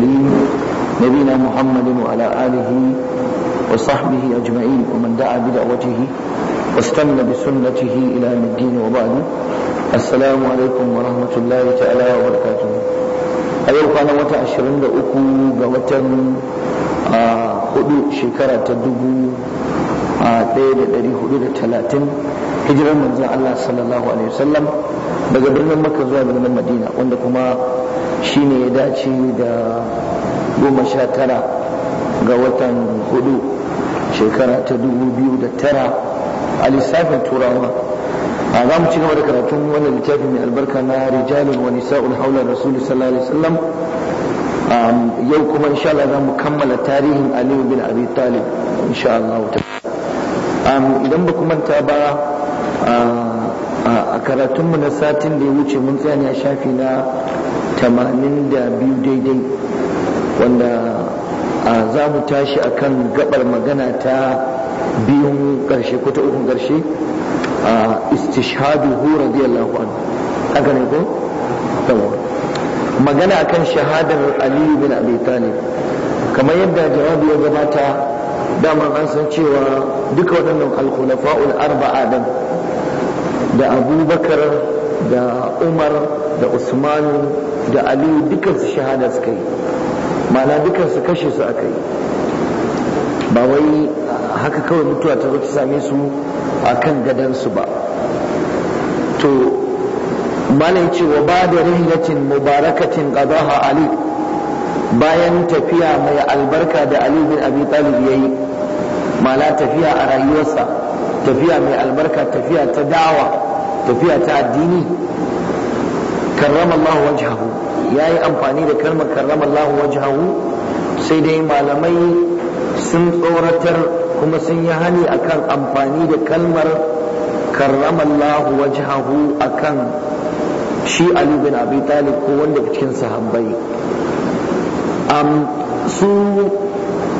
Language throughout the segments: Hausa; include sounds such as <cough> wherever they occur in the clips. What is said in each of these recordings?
الكريم نبينا محمد وعلى آله وصحبه أجمعين ومن دعا بدعوته واستنى بسنته إلى يوم الدين وبعد السلام عليكم ورحمة الله تعالى وبركاته أيوة كان وتا عشرين أكو وتا هدو شكرة تدبو ɗaya da ɗari hudu da talatin hijirar manzon Allah sallallahu alaihi wasallam daga birnin Makka zuwa birnin Madina wanda kuma Shi ne ya dace da goma sha tara ga watan hudu shekara ta dubu biyu da tara a lissafin turawa a za mu ci gaba da karatun wannan littafi mai albarka na rijalun wani sa'ul haular rasul sallallahu alaihi wasallam yau kuma insha Allah za mu kammala tarihin Aliyu bin Abi Talib insha Allah idan ba manta ba a karatunmu na satin da ya wuce mun tsaya ne a shafi na tamanin da biyu daidai wanda a za mu tashi a kan gabar magana ta biyun ƙarshe ko ta ukun ƙarshe a hu radiyallahu anhu haka ne ko magana akan shahadar aliyu bin abi talib kamar yadda jawabi ya gabata dama an san cewa duka waɗannan alkhulafa'ul arba'a din da abubakar da umar da usmanu da aliyu su shahada suka yi mana dukkan su kashe su aka yi ba wai haka kawai mutuwa ta zo ta same su a kan gadansu ba to malai ce wa ba da rihlatin mubarakatin qadaha ali bayan tafiya mai albarka da ali bin abi talib ya yi, mala tafiya a rayuwarsa tafiya mai albarka tafiya ta da'wa, tafiya ta addini karrama Allah wajhahu yayi amfani da kalmar karrama Allah wajhahu sai dai malamai sun tsoratar kuma sun yi hani akan amfani da kalmar karrama Allah wajhahu akan shi Ali bin Abi Talib ko wanda cikin sahabbai su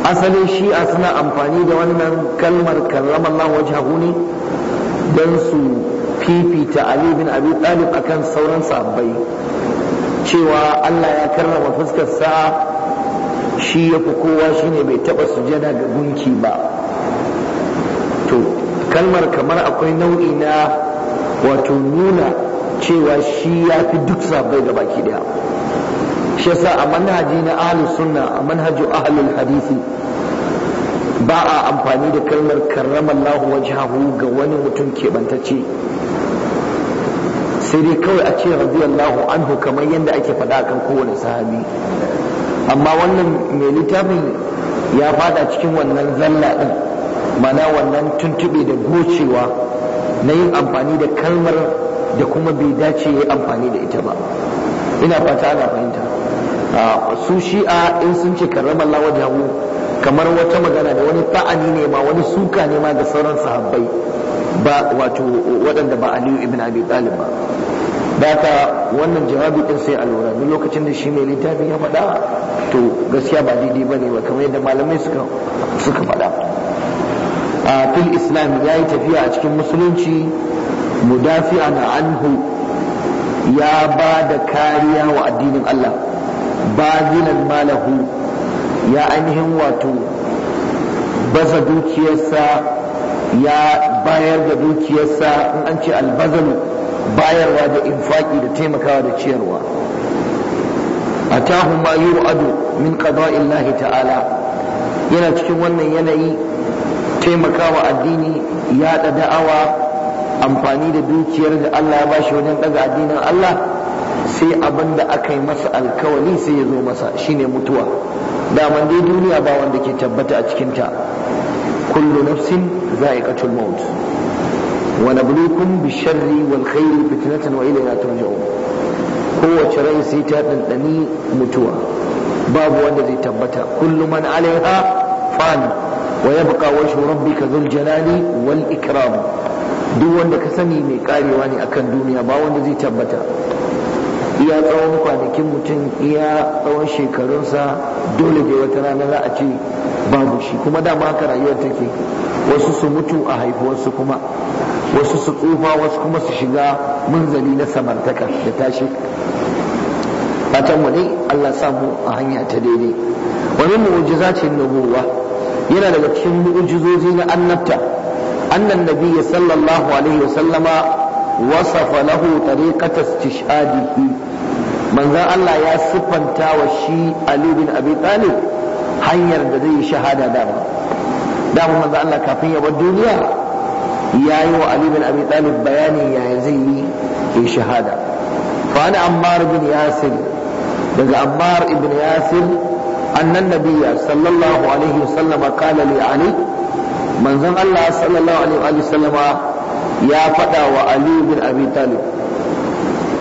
asalin shi'a suna amfani da wannan kalmar karrama Allah wajhahu ne don su fifita Ali bin Abi Talib akan sauran sahabbai cewa Allah ya karrama fuskarsa shi ya fi kowa shine bai taɓa sujada ga gunki ba to kalmar kamar akwai nau'i na wato nuna cewa shi ya fi duk sahabbai ga baki daya shi yasa a manhaji na ahlus sunna a manhajin ahlul hadisi ba a amfani da kalmar karramallahu wajhahu ga wani mutum keɓantacce sai dai kawai a ce radiyallahu anhu kamar yadda ake faɗa kan kowane sahabi amma wannan mai littafin ya fada cikin wannan zalla din mana wannan tuntube da gocewa na yin amfani da kalmar da kuma bai dace ya amfani da ita ba ina fata ana fahimta su shi'a in sun ce karamar Lawar jamu kamar wata magana da wani fa'ani ne ma wani suka ne ma ga sauran sahabbai ba wato waɗanda ba Aliyu ibn Abi Talib ba data wannan jawabi din sai a lura duk lokacin da shi mai littafin ya faɗa to gaskiya ba daidai ba ne ba kamar yadda malamai suka suka faɗa a fil islam ya yi tafiya a cikin musulunci na anhu ya ba da kariya wa addinin Allah ba zinan malahu ya ainihin wato baza dukiyarsa ya bayar da dukiyarsa in an ce albazalu bayarwa da infaki da taimakawa da ciyarwa atahum ma yu'adu min qada'illahi ta'ala yana cikin wannan yanayi taimakawa addini yaɗa da'awa amfani da dukiyar da Allah ya bashi wajen daga addinin Allah sai abin da aka yi masa alkawali sai ya zo masa shine mutuwa daman dai duniya ba wanda ke tabbata a cikinta kullu nafsin za'iqatul maut ونبلوكم بالشر والخير فتنة وإلينا ترجعون هو شرعي سيتا تنتني متوى باب الذي tabbata, كل من عليها فان ويبقى وجه ربك ذو الجلال والإكرام duk wanda ka sani mai karewa ne akan duniya ba wanda zai tabbata iya tsawon kwanakin mutum iya tsawon shekarunsa dole da wata rana za a ce babu shi kuma dama haka rayuwar take wasu su mutu a haifuwarsu kuma wasu su tsufa wasu kuma su shiga munzali na samartaka da tashi fatan mu dai Allah samu a hanya ta daidai Wani wa min mu'jizatin nubuwa yana daga cikin mu'jizozi na annabta annan ya sallallahu alaihi wasallama wasafa lahu tariqata istishhadihi manzon Allah ya siffanta wa shi Ali bin Abi Talib hanyar da zai shahada dama dama manzon Allah kafin ya bar duniya ya yi wa Ali bin Abi Talib bayani yaya zai yi ya shahada fa ana Ammar bin Yasir daga Ammar ibn Yasir annan nabiyya sallallahu alaihi sallama kala li Ali manzon Allah sallallahu alaihi sallama ya faɗa wa Ali bin Abi Talib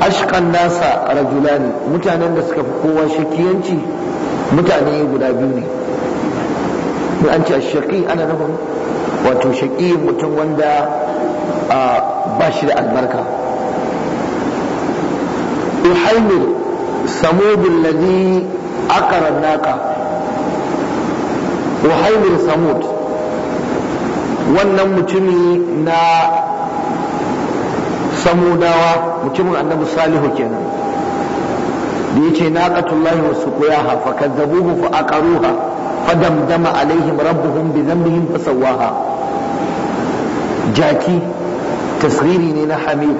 ashkan nasa rajulani mutanen da suka fi kowa shakiyanci mutane guda biyu ne an ce shaqi ana nufin wato shaƙi mutum wanda ba shi da albarka uhaimir samudin ladhi akarar naka uhaimir samud wannan mutumi na samudawa mutumin annabi salihu kenan da ya ce naqatullahi wasu ku yaha, fa aqaruha فدمدم bi ربهم بذنبهم فسواها jaki tasriri ne na hamid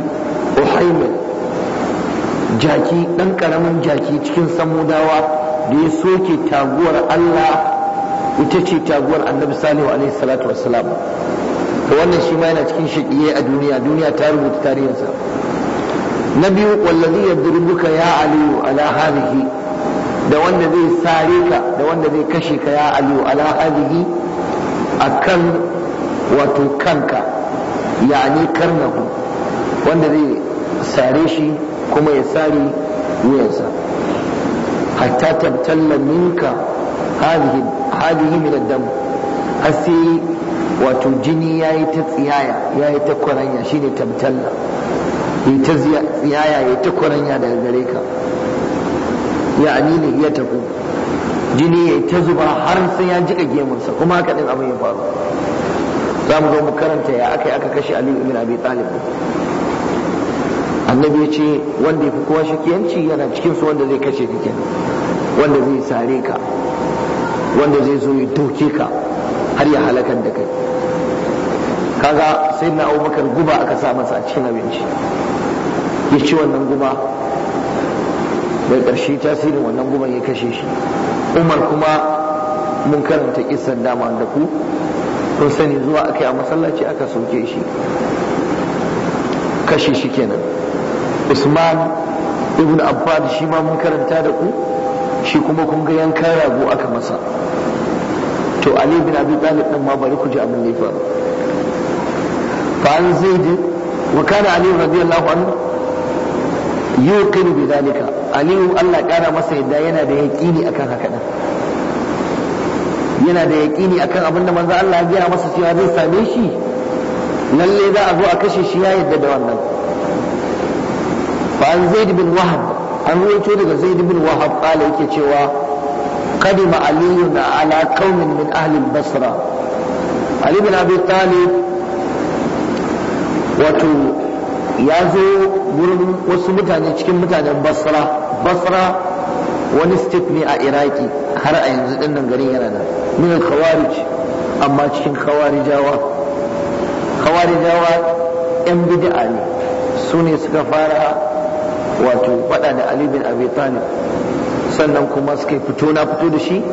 uhaimin jaki ɗan ƙaramin jaki cikin samudawa da ya soke taguwar allah ita ce taguwar annabi salihu alaihi salatu wannan shi ma yana cikin shaƙiye a duniya duniya ta rubuta tarihinsa na biyu wallazi yadrubuka ya aliyu ala hadhihi da wanda zai sare ka da wanda zai kashe ka ya aliyu ala hadhihi akan wato kanka yani karnahu wanda zai sare shi kuma ya sare wuyansa hatta tabtalla minka hadihi min ad-dam sai wato jini yayi ta tsiyaya yayi ta kwaranya shine tabtalla yi ta tsiyaya yayi ta kwaranya daga gare ka yani ne ya tafi jini yayi ta zuba har sai ya jika gemunsa kuma haka din abin ya faru za mu zo mu karanta ya aka yi aka kashe Ali ibn Abi Talib annabi ya ce wanda ya fi kowa shakiyanci yana cikin su wanda zai kashe kake wanda zai sare ka wanda zai zo ya doke ka har ya halakar da kai kaga sai na abubakar guba aka sa masa a cikin abinci ya ci wannan guba daga ƙarshe tasirin wannan guban ya kashe shi umar kuma mun karanta kisan dama da ku kun sani zuwa aka yi a masallaci aka soke shi kashe shi kenan usman ibn abbad shi ma mun karanta da ku shi kuma kun ga yankan rago aka masa to ali bin abi talib din ma bari ku ji abin ne fa fa an zaid wa kana ali radiyallahu anhu yuqin bi dalika ali Allah kara masa yadda yana da yaqini akan haka din yana da yaƙini akan abin da manzo Allah ya masa cewa zai same shi lalle za a zo a kashe shi ya yadda da wannan fa an zaid bin wahab an ruwaito daga zaid bin wahab ala yake cewa qadima aliyun ala qaumin min ahli basra ali bin abi talib wato ya zo wurin wasu mutane cikin mutanen basra basra wani state ne a iraki har a yanzu dinnan garin yana nan min al-khawarij amma cikin khawarijawa khawarijawa yan bid'a ne su suka fara wato faɗa da Ali bin sannan kuma suka fito na fito da shi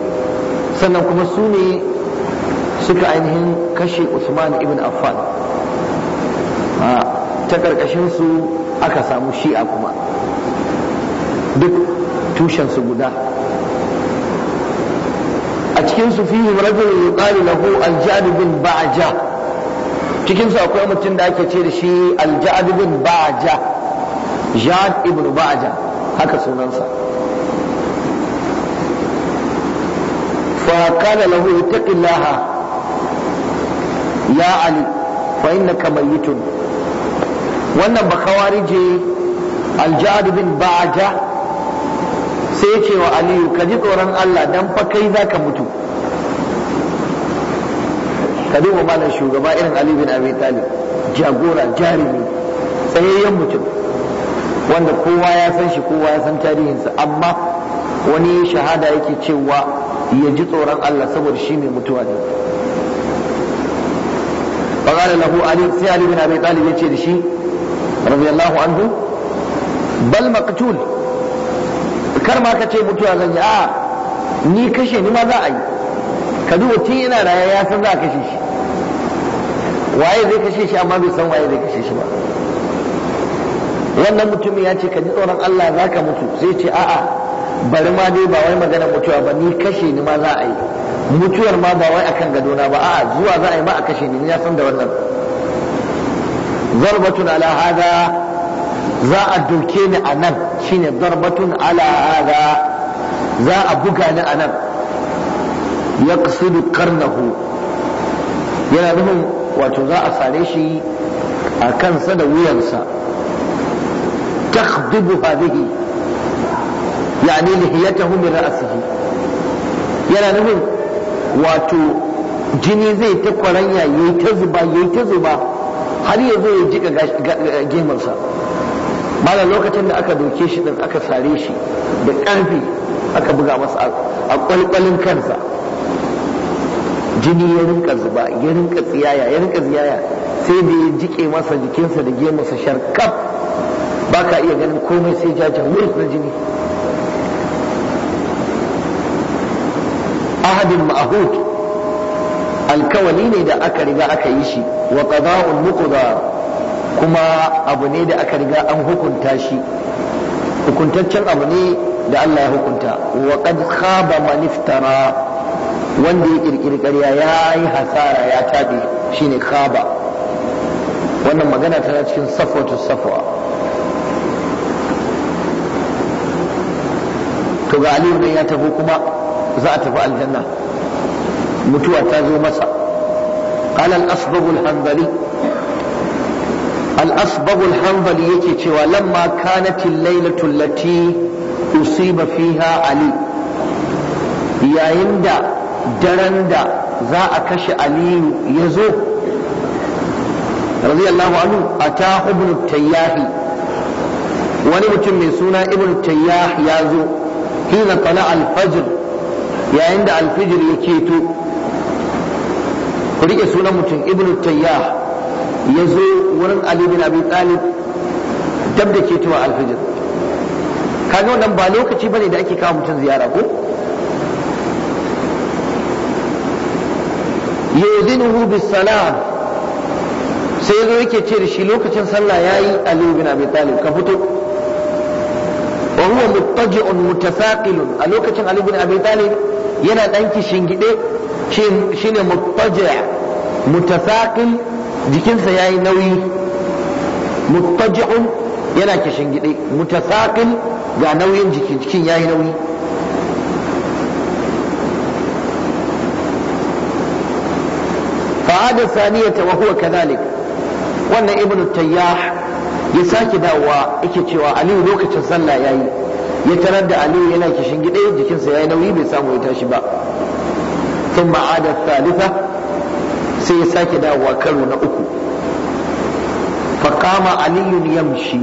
sannan kuma su ne suka ainihin kashe Usman ibn Affan ta karkashin aka samu shi'a kuma duk tushensu guda a cikin su fihi rajul yuqalu lahu al-ja'd bin ba'ja cikin su akwai mutum da ake ce da shi al-ja'd bin ba'ja ja'd ibn ba'ja haka sunansa fa qala lahu ittaqillaha ya ali fa innaka mayyitun wannan ba kawarije al-ja'd bin ba'ja sai ya ce wa aliyu ka ji tsoron Allah dan fa kai za ka mutu ka duba malam shugaba irin ali bin abi talib jagora jarumi tsayayyen mutum wanda kowa ya san shi kowa ya san tarihinsa amma wani shahada yake cewa ya ji tsoron Allah saboda shi mai mutuwa ne فقال له علي سي علي بن ابي طالب يجي رضي الله عنه بل مقتول kar ma ka ce mutuwa zan yi a ni kashe ni ma za a yi ka duba tun yana raya ya san za a kashe shi waye zai kashe shi amma bai san waye zai kashe shi ba wannan mutumin ya ce ka ji tsoron Allah za ka mutu sai ce a'a bari ma dai ba wai magana mutuwa ba ni kashe ni ma za a yi mutuwar ma ba wai akan gadona ba a'a zuwa za a yi ma a kashe ni ya san da wannan zarbatun ala hada za a doke ni a nan shine darbatun ala hada za a buga ni a nan ya ƙasidu karnahu yana nufin wato za a sare shi a kansa da wuyansa ne هذه يعني لحيته من رأسه yana nufin wato jini zai ta kwaranya ya yi ta zuba ya yi ta zuba har ya zo ya jika gemarsa mala lokacin da aka doke shi din aka sare shi da ƙarfi aka buga masa a kwalkwalin kansa jini ya rinka zuba ya rinka tsiyaya ya rinka tsiyaya sai da ya jike masa jikinsa da sa sharkaf ba ka iya ganin komai sai jajen wurin na jini ahadin ma'ahud alkawali ne da aka riga aka yi shi wa muku da kuma abu ne da aka riga an hukunta shi hukuntaccen abu ne da Allah ya hukunta wa qad khaba man iftara wanda ya kirkiri ƙarya ya yi hasara ya tabi shine khaba wannan magana tana cikin safwatu safwa to ga aliyu ya tafi kuma za a tafi aljanna mutuwa ta zo masa قال الأصبغ الحنظلي al-asbagh al-hanbali yake cewa lamma kanat al-lailatu allati usiba ali yayin da daren da za a kashe aliyu ya zo radiyallahu anhu ata ibn tayyahi wani mutum mai suna ibn tayyah ya zo hina tala al-fajr yayin da al-fajr yake to ku rike sunan mutum ibn tayyah ya zo wurin Ali bin Abi Talib dab da ke tuwa alfijir kaga wannan ba lokaci bane da ake kawo mutum ziyara ko yuzinuhu bis salam sai yazo yake ce da shi lokacin sallah yayi Ali bin Abi Talib ka fito wa huwa muttaji'un mutasaqilun a lokacin Ali bin Abi Talib yana danki kishin shine muttaji' mutasaqil jikinsa ya yi nauyi muttaji'un yana kishin gide mutasaqil ga nauyin jikin jikin ya yi nauyi fa'ada saniyata wa huwa kadalik wannan ibnu tayyah ya sake dawowa yake cewa aliyu lokacin sallah yayi ya tarar da aliyu yana kishin gide jikinsa ya yi nauyi bai samu ya tashi ba ثم عاد الثالثة sai ya sake dawowa karo na uku faƙama aliyun yamshi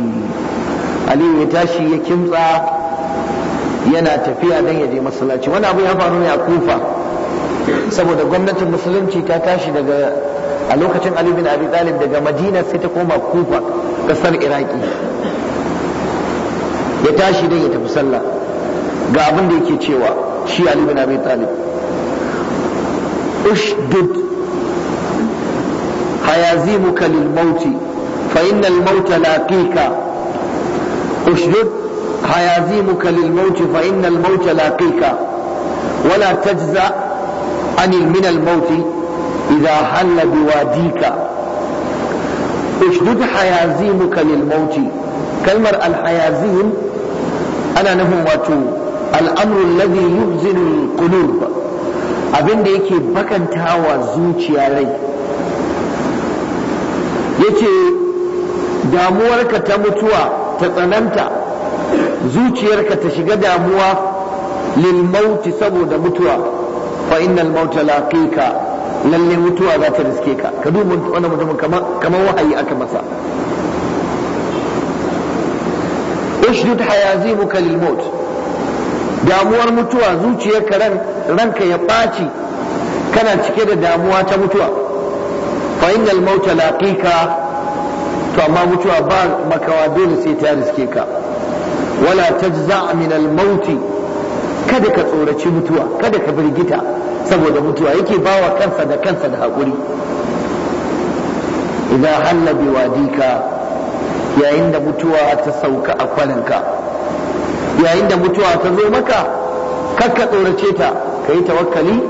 aliyu ya tashi ya kimtsa yana tafiya don ya je masallaci wani abu ya faru ne a kufa saboda gwamnatin musulunci ta tashi daga a lokacin ali bin abi talib daga madina sai ta koma kufa kasar iraki ya tashi don ya tafi sallah ga abin da yake cewa shi ali bin abi talib ushdud ويعزمك للموت فإن الموت لاقيك اشدد هيعزمك للموت فإن الموت لاقيك ولا تجزع عن من الموت إذا حل بواديك اشدد حيازيمك للموت كلمة الحيازيم أنا نهوة الأمر الذي يحزن القلوب abin ديكي yake تاوى zuciya عليه yace damuwarka ta mutuwa ta tsananta zuciyarka ta shiga damuwa lil mauti saboda mutuwa fa innal mauta laqika lalle mutuwa za ta riske ka ka duba wannan mutumin kamar wahayi aka masa ishdud hayazimuka lil maut damuwar mutuwa zuciyarka ran ranka ya ɓaci kana cike da damuwa ta mutuwa fa innal mauta to amma mutuwa ba makawa dole sai ta riske ka wala za min al mauti kada ka tsoraci mutuwa kada ka birgita saboda mutuwa yake bawa kansa da kansa da hakuri idan halla biwadika yayin da mutuwa ta sauka a kwalinka yayin da mutuwa ta zo maka kar ka tsorace ta ka yi tawakkali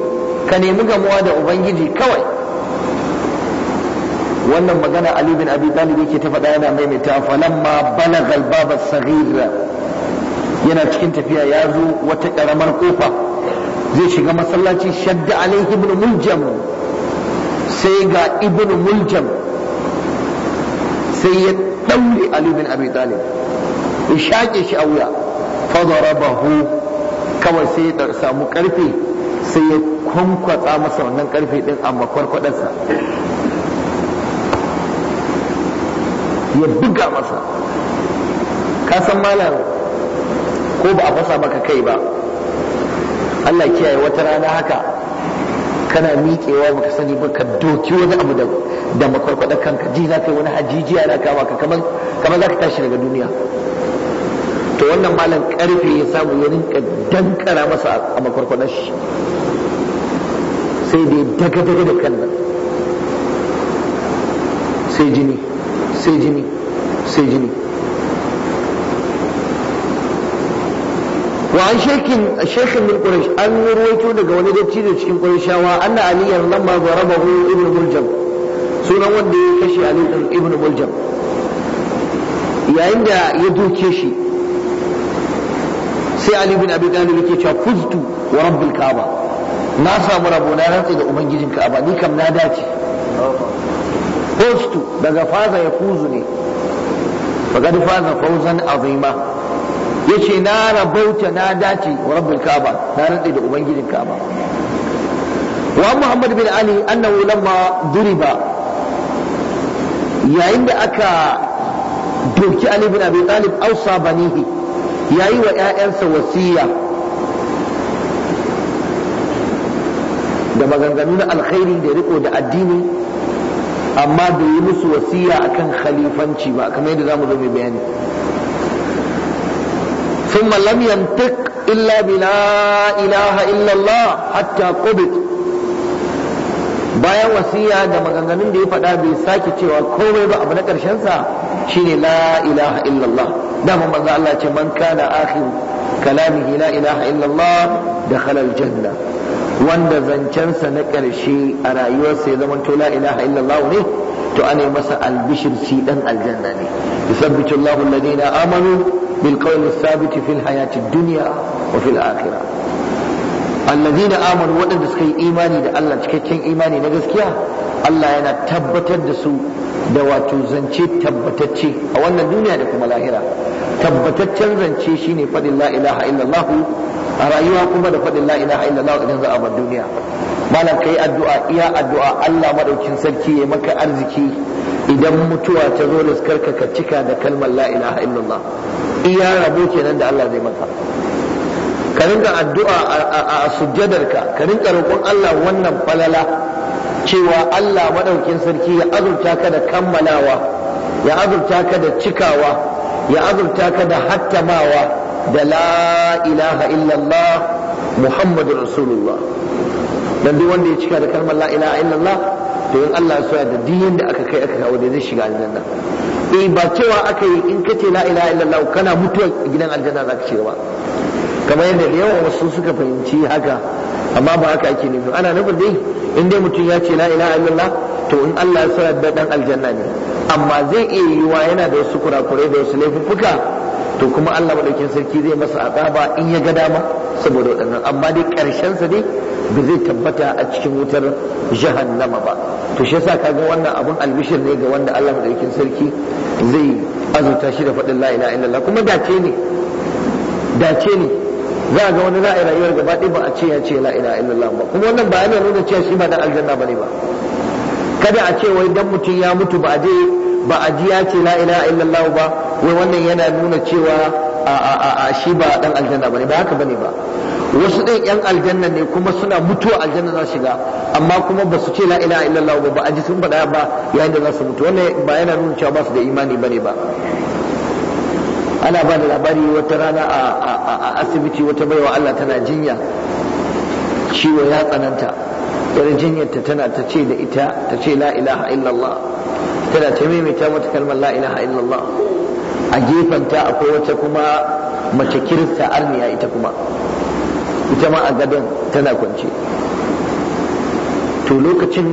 ka nemi gamuwa da ubangiji kawai wannan magana Ali bin Abi Talib yake ta faɗa yana mai maimaita falamma al-bab baba saghir yana cikin tafiya ya zo wata karamar kofa zai shiga masallaci shadda alaihi ibn muljam sai ga ibn muljam sai ya ɗaure Ali bin Abi Talib ya shaƙe shi a wuya darabahu kawai sai ya samu ƙarfe sai ya kwankwatsa masa wannan ƙarfe ɗin a makwarkwadarsa ya buga masa ka san malam ko ba a fasa maka kai ba Allah kiyaye wata rana haka kana miƙewa baka sani ba ka doki wani abu da da makwarkwada kanka ji za ka yi wani hajijiya na kama ka kamar za ka tashi daga duniya to wannan malam karfe ya samu ya rinka dankara masa a makwarkwadar shi sai dai daga daga da kan sai jini sai jini sai jini wa an shekin shekin min quraish an ruwaito daga wani dattijo cikin qurayshawa anna aliyan lamma zarabahu ibnu muljam sunan wanda ya kashe ali ibnu muljam yayin da ya doke shi sai ali bin abi talib yake cewa fuztu wa rabbil kaaba na samu rabo na rantsi da ubangijin kaaba ni kam na dace فزت daga faza ya fuzu ne faqad faza fawzan azima yace na rabauta na dace wa rabbil kaaba na rade da ubangijin kaaba wa muhammad bin ali annahu lamma duriba yayin da aka doki ali bin abi talib ausa banihi yayi wa ƴaƴansa wasiya da maganganu na alkhairi da riko da addini amma da yi musu wasiya akan khalifanci ba kamar yadda zamu zo mai bayani Sun لم ينطق إلا بلا ilaha illallah hatta حتى bayan wasiya da maganganun da ya faɗa bai sake cewa komai ba abu na ƙarshensa shine la ilaha illallah dama manzo Allah ce man kana akhir kalamihi la ilaha illallah dakhala aljanna wanda zancensa na ƙarshe a rayuwarsa ya zama la ilaha ne to ana masa albishir shi dan aljanna ne yusabbitu Allahu alladhina amanu bil qawli thabiti fil hayati dunya wa fil akhirah alladhina amanu waɗanda suka yi imani da Allah cikakken imani na gaskiya Allah yana tabbatar da su da wato zance tabbatacce a wannan duniya da kuma lahira tabbataccen zance shine faɗin la ilaha a rayuwa kuma da faɗin la ilaha idan za a bar duniya malam yi addu'a iya addu'a Allah madaukin sarki ya maka arziki idan mutuwa ta zo da riskarka ka cika da kalmar la ilaha illallah iya rabo kenan da Allah zai maka ka rinka addu'a a sujjadarka ka rinka roƙon Allah wannan falala cewa Allah madaukin sarki ya azurta ka da kammalawa ya azurta ka da cikawa ya azurta ka da hattamawa da la ilaha illallah muhammadur rasulullah dan duk wanda ya cika da kalmar la ilaha illallah to in Allah ya soya da diyin da aka kai aka kawo da zai shiga aljanna eh ba cewa aka yi in kace la ilaha illallah kana mutuwa gidan aljanna za ka shiga ba kamar yadda da yawa wasu suka fahimci haka amma ba haka ake nufi ana nufin dai in dai mutum ya ce la ilaha illallah to in Allah ya soya da dan aljanna ne amma zai iya yiwuwa yana da wasu kurakurai da wasu laifuffuka to kuma Allah madaukin sarki zai masa azaba in ya ga dama saboda waɗannan amma dai ƙarshen sa dai ba zai tabbata a cikin wutar jahannama ba to shi yasa kaga wannan abun albishir ne ga wanda Allah madaukin sarki zai azuta shi da faɗin la ilaha illallah kuma dace ne dace ne za ga wani ra'ayi rayuwar gaba ɗaya ba a ce ya ce la ilaha illallah ba kuma wannan ba yana nuna cewa shi ba dan aljanna bane ba kada a ce wai dan mutum ya mutu ba a je ba a ji ya ce la ilaha illallah ba wai wannan yana nuna cewa a shi ba dan aljanna bane ba haka bane ba wasu ɗin yan aljanna ne kuma suna mutuwa aljanna za shiga amma kuma ba su ce la ilaha illallah ba ba a ji sun faɗa ba yayin da za su mutu wannan ba yana nuna cewa ba su da imani bane ba ana ba da labari wata rana a asibiti wata baiwa Allah tana jinya ciwo ya tsananta yar jinyarta tana ta ce da ita ta ce la ilaha illallah tana ta maimaita mata kalmar la ilaha illallah a gefanta akwai wata kuma mace kirista arniya ita kuma ita ma a gadon tana kwance to lokacin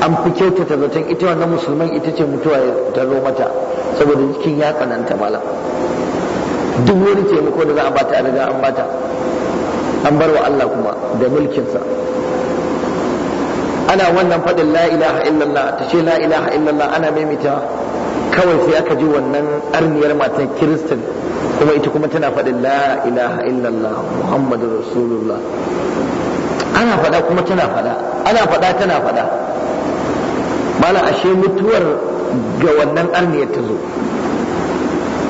an fi kyautata zaton ita wannan musulman ita ce mutuwa ta zo mata saboda jikin ya tsananta malam duk wani taimako da za a bata a riga an bata an bar wa Allah kuma da mulkinsa ana wannan faɗin la ilaha illallah ta ce la ilaha illallah ana maimaita kawai sai aka ji wannan arniyar matan kiristin kuma ita kuma tana faɗin la ilaha illallah muhammadu rasulullah ana faɗa kuma tana faɗa ana faɗa tana faɗa mala ashe mutuwar ga wannan arniyar ta zo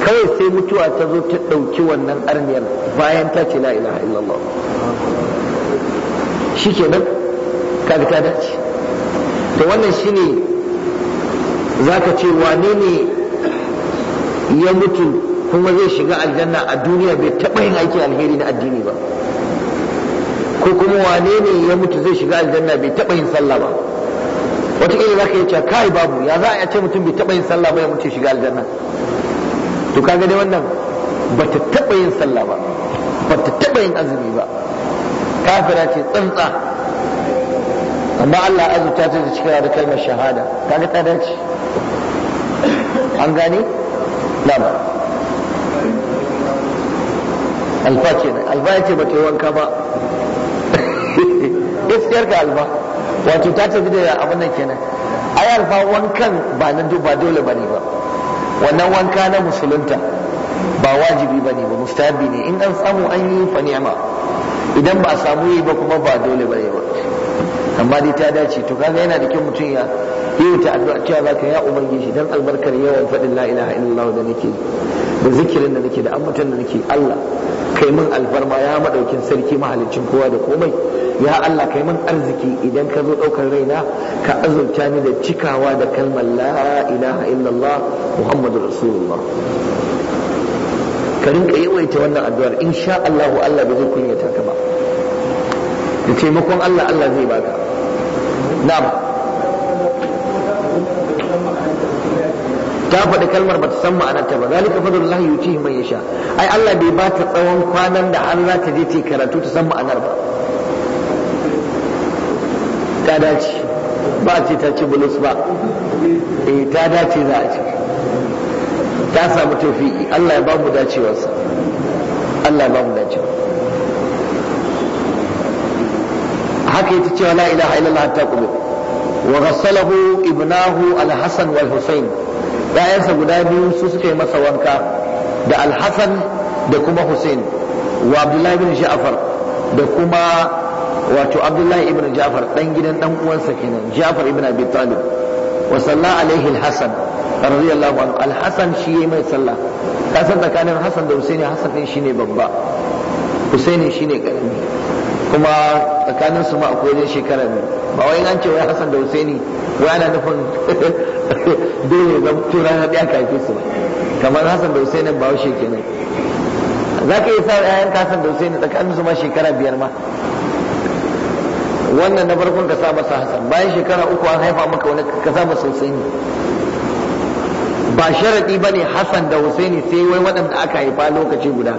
kawai sai mutuwa ta zo ta ɗauki wannan arniyar bayan ta ce la ilaha illallah shi kenan kaga ta dace to wannan shine zaka ce wane ne ya mutu kuma zai shiga aljanna a duniya bai taɓa yin aikin alheri na addini ba ko kuma wane ne ya mutu zai shiga aljanna bai taɓa yin sallah ba wataƙila za ka yi cewa kai babu ya za a ce mutum bai taɓa yin sallah ba ya mutu shiga aljanna to kaga dai wannan ba ta taɓa yin sallah ba ba ta taɓa yin azumi ba kafira ce tsantsa amma Allah azurta ta da cikin da kalmar shahada Ta ga ta dace an gane na'am alfa ce nan alfa ya ce ba wanka ba <laughs> gaskiyar ka alfa wato ta tafi da abin nan kenan ai alfa wankan ba na ba dole bane ba wannan wanka na musulunta ba wajibi bane ba mustahabi ne in an samu an yi fa idan ba a samu yi ba kuma ba dole bane ba amma dai ta dace to kaga yana da kyau mutum ya yi ta addu'a cewa zaka ya ubangiji dan albarkar yawan fadin la ilaha illallah da nake da zikirin da nake da ambatan da nake Allah kai min alfarma ya madaukin sarki mahalicin kowa da komai ya Allah kai min arziki idan ka zo daukar raina ka azurta ni da cikawa da kalmar la ilaha illallah muhammadur rasulullah ka rinka yawaita wannan addu'ar insha Allah Allah ba zai kunyata ka ba da taimakon Allah Allah zai baka na'am ta faɗi kalmar ba ta san ma'anarta ba zalika fadlullahi yutihi man yasha ai Allah bai ba ta tsawon kwanan da Allah ta je ta karatu ta san ma'anar ba ta dace ba ce ta ci bulus ba eh ta dace za a ci ta samu tawfiqi Allah ya ba mu dacewarsa Allah ya ba mu dacewa haka yace cewa la ilaha illallah hatta qubir wa ghassalahu ibnahu al-hasan wal husayn ƴaƴansa guda biyu su suka yi masa wanka da al-hasan da kuma husayn wa abdullahi bin ja'far da kuma wato abdullahi ibn ja'far dan gidan dan uwansa kenan ja'far ibn abi talib wa salla alaihi al-hasan radiyallahu anhu al-hasan shi yayi mai sallah ka san tsakanin hasan da husaini hasan din shine babba husaini shine karami kuma tsakanin su ma akwai wajen shekara ne ba wai an ce wai Hassan da Husaini wai ana nufin <laughs> dole ga tura na ɗaya kafi su kamar Hassan da Husaini ba ke kenan za ka yi sa ƴaƴan Hassan da Husaini tsakanin su ma shekara biyar ma wannan na farkon ka sa masa Hassan bayan shekara uku an haifa maka wani ka sa masa Husaini ba sharaɗi ba ne Hassan da Husaini sai wai waɗanda aka haifa lokaci guda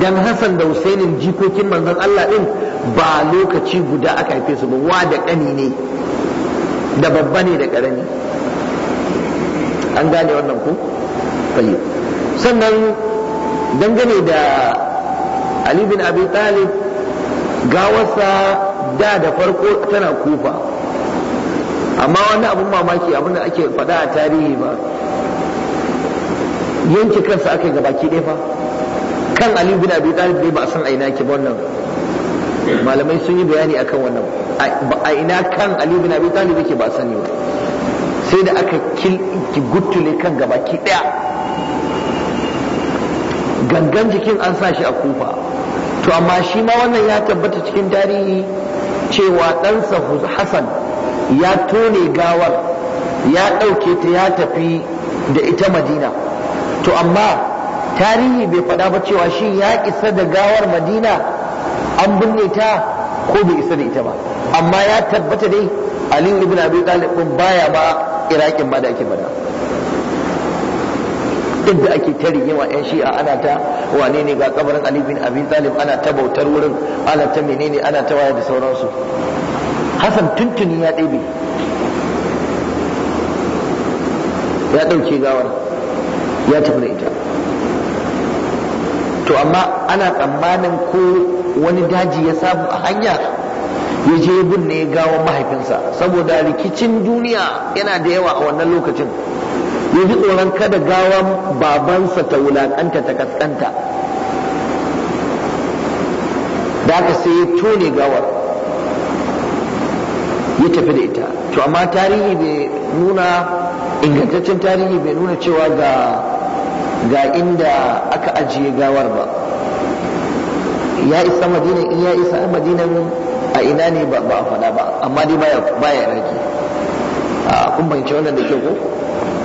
don Hassan da Husainin jikokin manzon Allah ɗin. ba lokaci guda aka haife su ba wa da ƙani ne da babba ne da ƙarami an gane wannan ku? sannan dangane da Ali bin Abi Talib gawarsa da da farko tana kufa amma wani abun mamaki abin da ake faɗa a tarihi ba yanke kansa aka yi gabaki ɗaya fa kan Ali bin Abi Talib dai ba a san aina ke wannan malamai sun yi bayani akan wannan a ina kan ali bin abi talib yake ba sani ba sai da aka guttule kan gaba ki daya gangan jikin an sa shi a kufa to amma shi ma wannan ya tabbata cikin tarihi cewa ɗansa hassan ya tone gawar ya ɗauke ta ya tafi da ita madina to amma tarihi bai faɗa ba cewa shi ya isa da gawar madina an binne ta ko bai isa da ita ba amma ya tabbata dai aliyu ibn abi talib din baya ba Iraqin ba da ake bada inda ake tare yawa yan shi'a ana ta wane ne ga kabarin ali bin abi talib ana ta bautar wurin ana ta menene ana ta waya da sauransu hasan tuntuni ya ɗebe ya ɗauke gawar ya tafi da ita to amma ana tsammanin ko wani daji ya samu a hanya ya je binne ya gawo mahaifinsa saboda rikicin duniya yana da yawa a wannan lokacin ya ji tsoron kada gawan babansa ta wulaƙanta ta kaskanta da aka sai ya tone gawar ya tafi da ita to amma tarihi bai nuna ingantaccen tarihi bai nuna cewa ga ga inda aka ajiye gawar ba ya isa madina in ya isa madinan a ina ne ba a faɗa ba amma dai baya baya raki a kun bance wannan da ke ko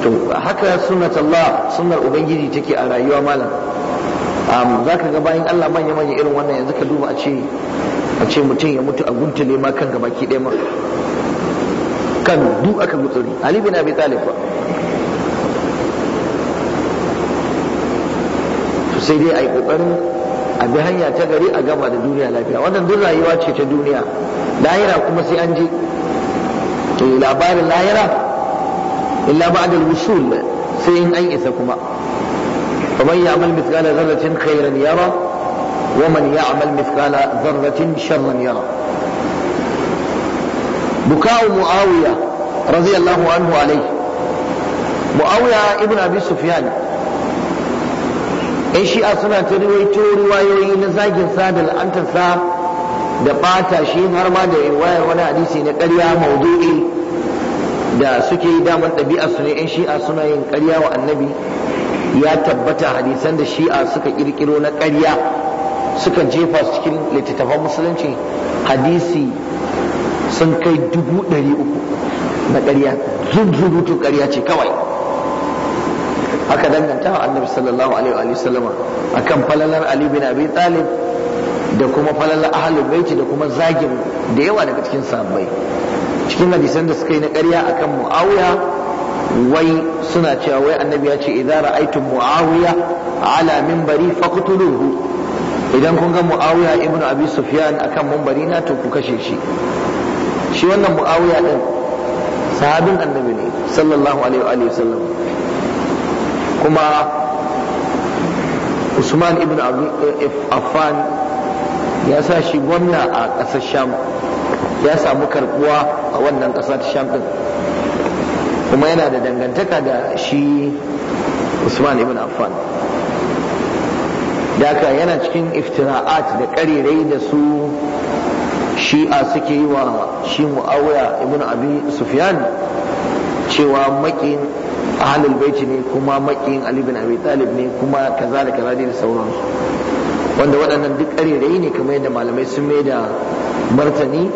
to haka sunnat Allah sunnar ubangiji take a rayuwa malam um, za ga bayan Allah manya manya irin wannan yanzu ka duba a ce a ce mutum ya mutu a guntule ma kan gabaki ɗaya ma kan duk aka mutsuri Ali bin Abi Talib ba sai dai a yi ƙoƙarin a bi hanya ta gari a gama da duniya lafiya wannan duk rayuwa ce ta duniya lahira kuma sai an je to labarin lahira illa ba'da al-wusul sai in an isa kuma faman ya'mal mithqala dharratin khairan yara wa man ya'mal mithqala dharratin sharran yara buka'u muawiya radiyallahu anhu alayhi muawiya ibn abi sufyan in shi'a suna ta riwaito ruwayoyi na zagin sa da sa da ɓata shi har ma da riwayar wani hadisi na ƙarya maudu'i da suke yi damar ɗabi'a su ne in shi'a suna yin ƙarya wa annabi ya tabbata hadisan da shi'a suka ƙirƙiro na ƙarya suka jefa cikin littattafan musulunci hadisi sun kai dubu ɗari uku na ƙarya zuzurutun ƙarya ce kawai aka danganta wa annabi sallallahu alaihi wa sallama akan falalar ali bin abi talib da kuma falalar ahlul baiti da kuma zagin da yawa daga cikin sahabbai cikin hadisan da suka yi na ƙarya akan muawiya wai suna cewa wai annabi ya ce idza ra'aytum muawiya ala minbari faqtuluhu idan kun ga muawiya ibnu abi sufyan akan minbari na to ku kashe shi shi wannan muawiya din sahabin annabi ne sallallahu alaihi wa sallam kuma usman ibn eh, affan ya sa shi gwamna a ƙasar sham ya samu karbuwa a wannan ƙasa ta sham din kuma yana da dangantaka da shi usman ibn affan daka yana cikin iftira'at da ƙarirai da su shi'a suke yi wa shi mu'awuya ibn abi sufyan cewa makin ahlul baiti ne kuma makiyin ali bin abi talib ne kuma kaza da kaza da sauransu wanda waɗannan duk ƙarerai ne kamar yadda malamai sun mai da martani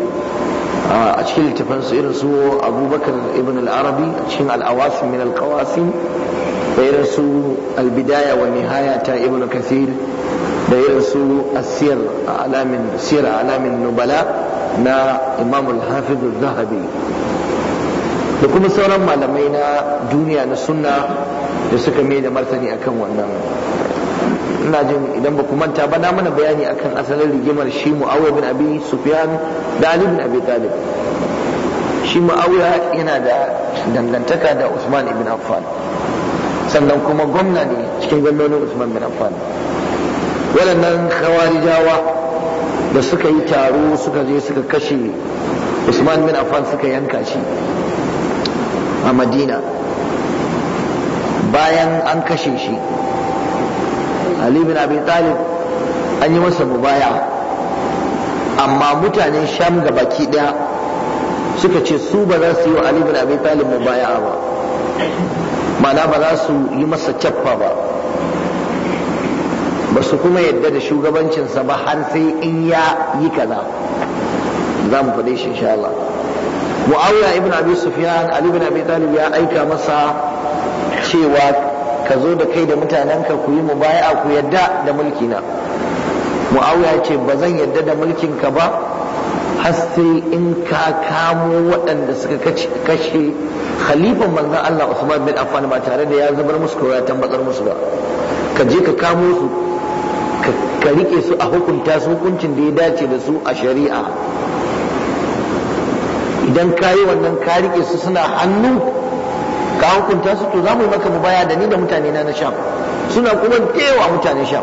a cikin littafansu irin su abubakar ibn al-arabi a cikin al-awasim min al-qawasim da irin su al wa nihaya ta ibn kasir da irin su asir alamin sir alamin nubala na imam al-hafiz al-zahabi da kuma sauran malamai na duniya na sunna da suka mai da martani akan wannan ina jin idan ba kuma manta ba na mana bayani akan asalin rigimar shi mu'awiya bin abi sufyan da ali bin abi talib shi yana da dangantaka da usman ibn affan sannan kuma gwamna ne cikin gwamnonin usman bin affan waɗannan khawarijawa da suka yi taro suka je suka kashe usman bin affan suka yanka shi a madina bayan an kashe shi ali bin abi talib an yi masa mubaya amma mutane sham ga baki daya suka ce su ba za su yi wa ali bin abi talib mubaya ba mana ba za su yi masa cappa ba ba su kuma yadda da shugabancinsa ba har sai in ya yi kaza za mu faɗe shi insha Allah muawiya ibn abi sufyan ali ibn abi talib ya aika masa cewa ka zo da kai da mutanenka ku yi mubaya'a ku yadda da mulki na muawiya ce ba zan yadda da mulkin ka ba har sai in ka kamo waɗanda suka kashe khalifan manzon Allah Usman bin Affan ba tare da ya zubar musu ko ya tambatar musu ba ka je ka kamo su ka rike su a hukunta su hukuncin da ya dace da su a shari'a idan ka yi wannan ka rike su suna hannu ka hukunta su to za mu yi maka baya da ni da mutane na na sham suna kuma tewa mutane sham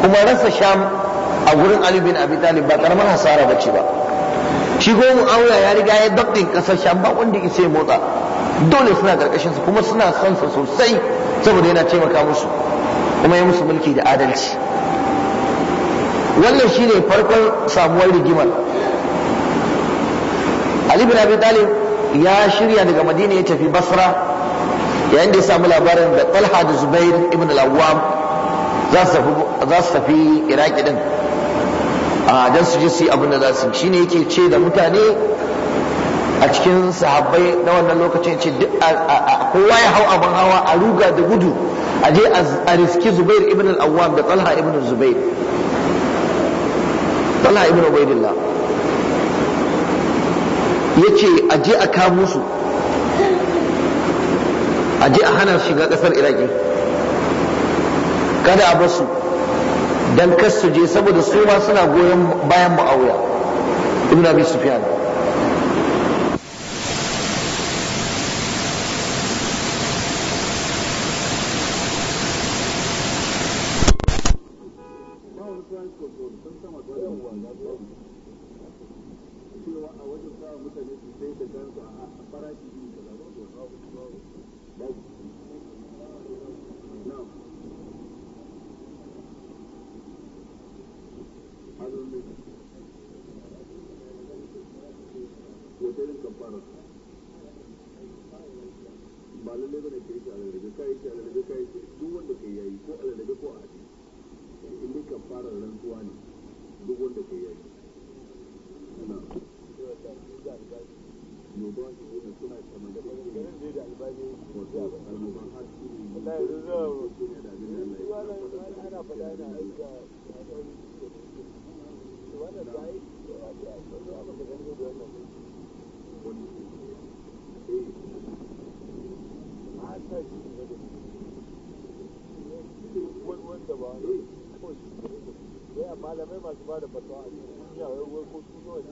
kuma rasa sham a gurin ali bin abi talib ba karamar hasara bace ba shi ko aura ya riga ya dabbin kasar sham ba wanda sai motsa dole suna karkashin su kuma suna son su sosai saboda yana taimaka musu kuma ya musu mulki da adalci wannan shine farkon samuwar rigimar Ali bin Abi Talib ya shirya daga Madina ya tafi Basra yayin da ya samu labarin da Talha da Zubair ibn al-Awwam za su tafi Iraki din a dan su je su abin da za su shi ne yake ce da mutane a cikin sahabbai na wannan lokacin ce duk kowa ya hau abin hawa a ruga da gudu a je a riski Zubair ibn al-Awwam da Talha ibn Zubair Talha ibn Ubaidillah ya ce a je a kamo su a je a hana shiga ƙasar iraki kada a basu don kas su je saboda su ma suna goyon bayan ma'auya ibn abi sufyan masu ba da fatawa a cikin yawon wai ko su kawai